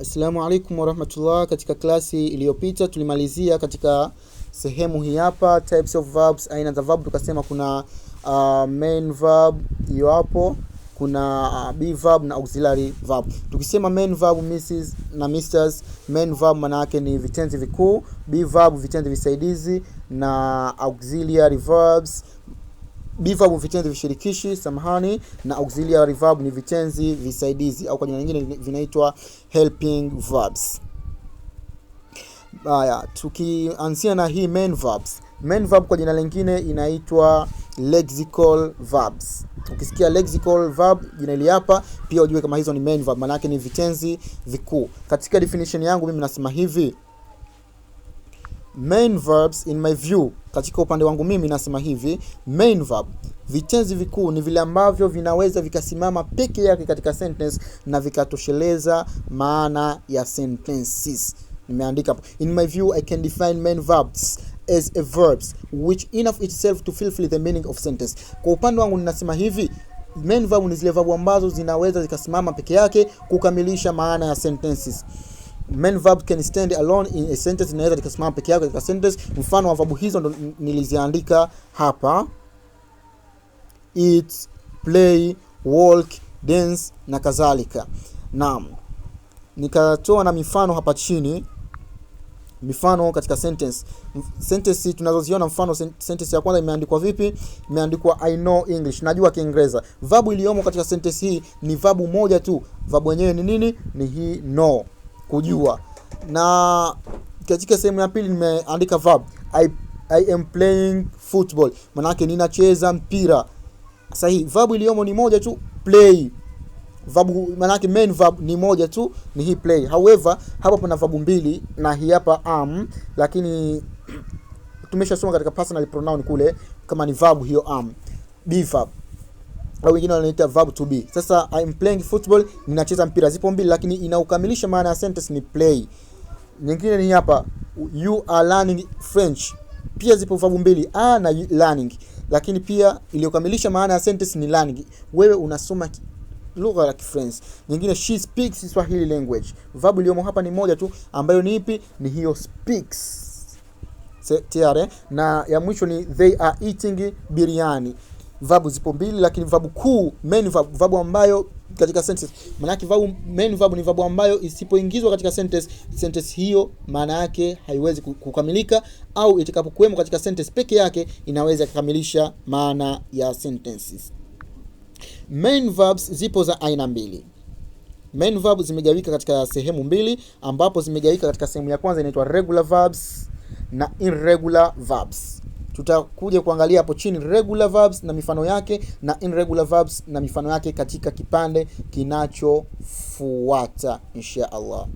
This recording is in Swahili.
Asalamu alaykum wa rahmatullah. Katika klasi iliyopita tulimalizia katika sehemu hii hapa, types of verbs, aina za verb. Tukasema kuna uh, main verb hiyo hapo, kuna uh, be verb na auxiliary verb. Tukisema main verb Mrs. na Misters, main verb maana yake ni vitenzi vikuu, be verb vitenzi visaidizi, na auxiliary verbs Biverb vitenzi vishirikishi, samahani, na auxiliary verb ni vitenzi visaidizi au kwa jina lingine vinaitwa helping verbs. Haya, tukianzia na hii main verbs. Main verb kwa jina lingine inaitwa lexical verbs. Ukisikia lexical verb jina hili hapa, pia ujue kama hizo ni main verb, maana yake ni vitenzi vikuu. Katika definition yangu mimi nasema hivi: main verbs in my view katika upande wangu mimi nasema hivi, main verb vitenzi vikuu ni vile ambavyo vinaweza vikasimama peke yake katika sentence na vikatosheleza maana ya sentences. Nimeandika hapo, in my view I can define main verbs as a verbs which enough itself to fulfill the meaning of sentence. Kwa upande wangu ninasema hivi main verb ni zile verb ambazo zinaweza zikasimama peke yake kukamilisha maana ya sentences main verb can stand alone in a sentence, inaweza likasimama peke yake katika sentence. Mfano wa verb hizo ndo niliziandika hapa: eat, play, walk, dance na kadhalika. Naam, nikatoa na mifano hapa chini, mifano katika sentence sentence tunazoziona. Mfano sentence ya kwanza imeandikwa vipi? Imeandikwa I know English, najua Kiingereza. Verb iliyomo katika sentence hii ni verb moja tu. Verb yenyewe ni nini? Ni hii know kujua. Na katika sehemu ya pili nimeandika verb I, I am playing football, manake ninacheza mpira. Sasa verb iliyomo ni moja tu play verb manake main verb ni moja tu ni hii play. However, hapa pana verb mbili na hii hapa am, lakini tumeshasoma katika personal pronoun kule kama ni verb hiyo am. Be verb au wengine wanaita verb to be. Sasa I'm playing football, ninacheza mpira. Zipo mbili, lakini inaukamilisha maana ya sentence ni play. Nyingine ni hapa, you are learning French. Pia zipo verb mbili, a na learning, lakini pia iliyokamilisha maana ya sentence ni learning. Wewe unasoma lugha ya Kifaransa. Nyingine she speaks Swahili language. Verb iliyomo hapa ni moja tu ambayo ni ipi? Ni hiyo speaks. Tayari eh? na ya mwisho ni they are eating biryani. Verb zipo mbili, lakini verb kuu main verb, verb ambayo katika sentence maana yake verb main verb ni verb ambayo isipoingizwa katika sentence, sentence hiyo maana yake haiwezi kukamilika, au itakapokuwemo katika sentence peke yake inaweza kukamilisha maana ya sentences. Main verbs zipo za aina mbili. Main verb zimegawika katika sehemu mbili, ambapo zimegawika katika sehemu ya kwanza inaitwa regular verbs na irregular verbs. Tutakuja kuangalia hapo chini regular verbs na mifano yake na irregular verbs na mifano yake katika kipande kinachofuata insha Allah.